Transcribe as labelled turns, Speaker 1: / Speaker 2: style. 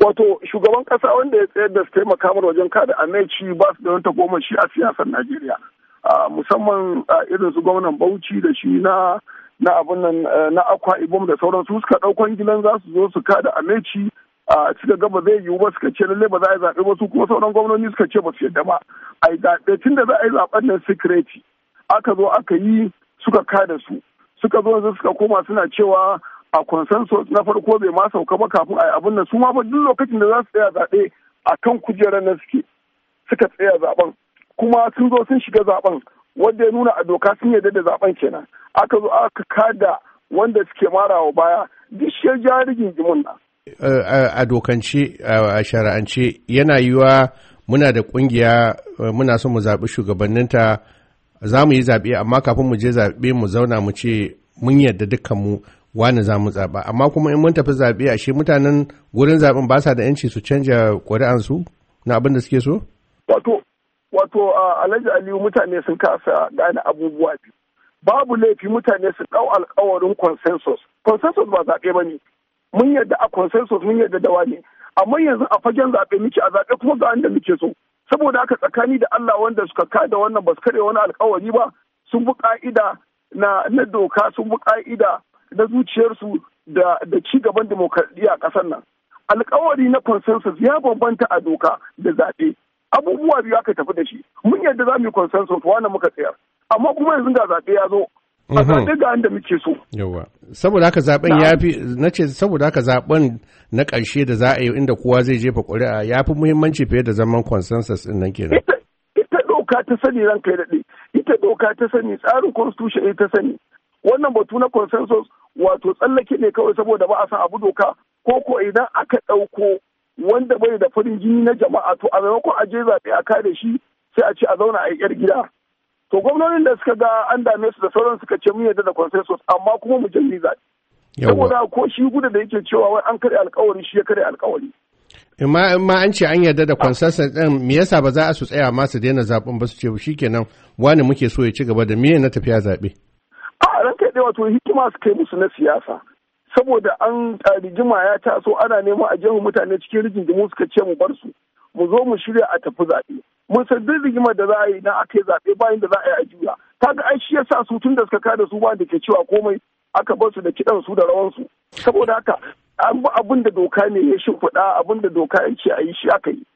Speaker 1: wato shugaban kasa wanda ya tsayar da su taimaka makamar wajen kada ameci ba su da wata goma shi a siyasar najeriya musamman irin su gwamnan bauchi da shi na na abun nan eh, na akwa ibom da sauran su suka daukan gidan za su zo su kada ameci a suka ga zai yiwu ba suka ce lalle ba za a yi zaɓe ba su kuma sauran gwamnoni suka ce ba su yadda ba a yi zaɓe tun da za a yi zaɓen nan sikireti aka zo aka yi suka kada su suka zo yanzu suka koma suna cewa a consensus na farko bai ma sauka ba kafin a yi abin nan su ma ba duk lokacin da za su tsaya zaɓe a kan kujerar na suke suka tsaya zaɓen kuma sun zo sun shiga zaɓen wanda ya nuna a doka sun yarda da zaɓen kenan aka zo aka kada wanda suke marawa baya duk shi ja rigingimin nan.
Speaker 2: Eh, a dokance a shara'ance yana yiwuwa muna da kungiya eh, muna son mu zaɓi shugabanninta za mu yi zaɓe amma kafin mu je zaɓe mu zauna mu ce mun yarda mu. wani za mu zaɓa amma kuma in mun tafi zaɓe ashe mutanen gurin zaɓen ba sa da yanci su canja ƙuri'ansu na abin da suke so?
Speaker 1: Wato, wato Alhaji Aliyu mutane sun kasa gane abubuwa biyu. Babu laifi mutane su ɗau alkawarin consensus. Consensus ba zaɓe ba ne. Mun yadda a consensus mun yadda da wani. Amma yanzu a fagen zaɓe muke a zaɓe kuma ga da muke so. Saboda haka tsakani da Allah wanda suka kada wannan ba su karya wani alkawari ba sun bi ƙa'ida na doka sun bi ƙa'ida na zuciyarsu da ci gaban demokradiyya a ƙasar nan alkawari na consensus ya bambanta a doka da zaɓe abubuwa biyu aka tafi da shi mun yadda za mu yi consensus wani muka tsayar amma kuma yanzu ga zaɓe ya zo a mhm. ga inda muke
Speaker 2: so yawa saboda haka zaɓen ya fi na ce saboda haka zaɓen na ƙarshe da za a yi inda kowa zai jefa ƙuri'a ya fi muhimmanci fiye da zaman consensus in nan kenan
Speaker 1: ita doka ta sani ranka ya daɗe ita doka ta sani tsarin constitution ta sani wannan batu na consensus wato tsallake ne kawai saboda ba a san abu doka ko ko idan aka ɗauko wanda bai da farin jini na jama'a to a maimakon a je zaɓe a kare shi sai a ce a zauna a yi yar gida to gwamnonin da suka ga an dame su da sauran suka ce mun yadda da consensus amma kuma mu janye zaɓe saboda ko shi gudu da yake cewa wai an karya alkawari shi ya karya alkawari
Speaker 2: in ma an ce an yarda da consensus din me yasa ba za a su tsaya ma su daina zaben ba su ce shikenan wani muke so ya ci gaba da me na tafiya zaɓe
Speaker 1: wato hikima su kai musu na siyasa saboda an rigima ya taso ana nema a jihar mutane cikin rigingimu suka ce mu bar su mu zo mu shirya a tafi zaɓe mun san duk rigimar da za a yi na aka yi zaɓe bayan da za a yi a juya ga ai shi yasa su tun da suka kada su ba da ke cewa komai aka bar su da kiɗan su da rawan su saboda haka an bi abin da doka ne ya shimfiɗa abin da doka ya ce a yi shi aka yi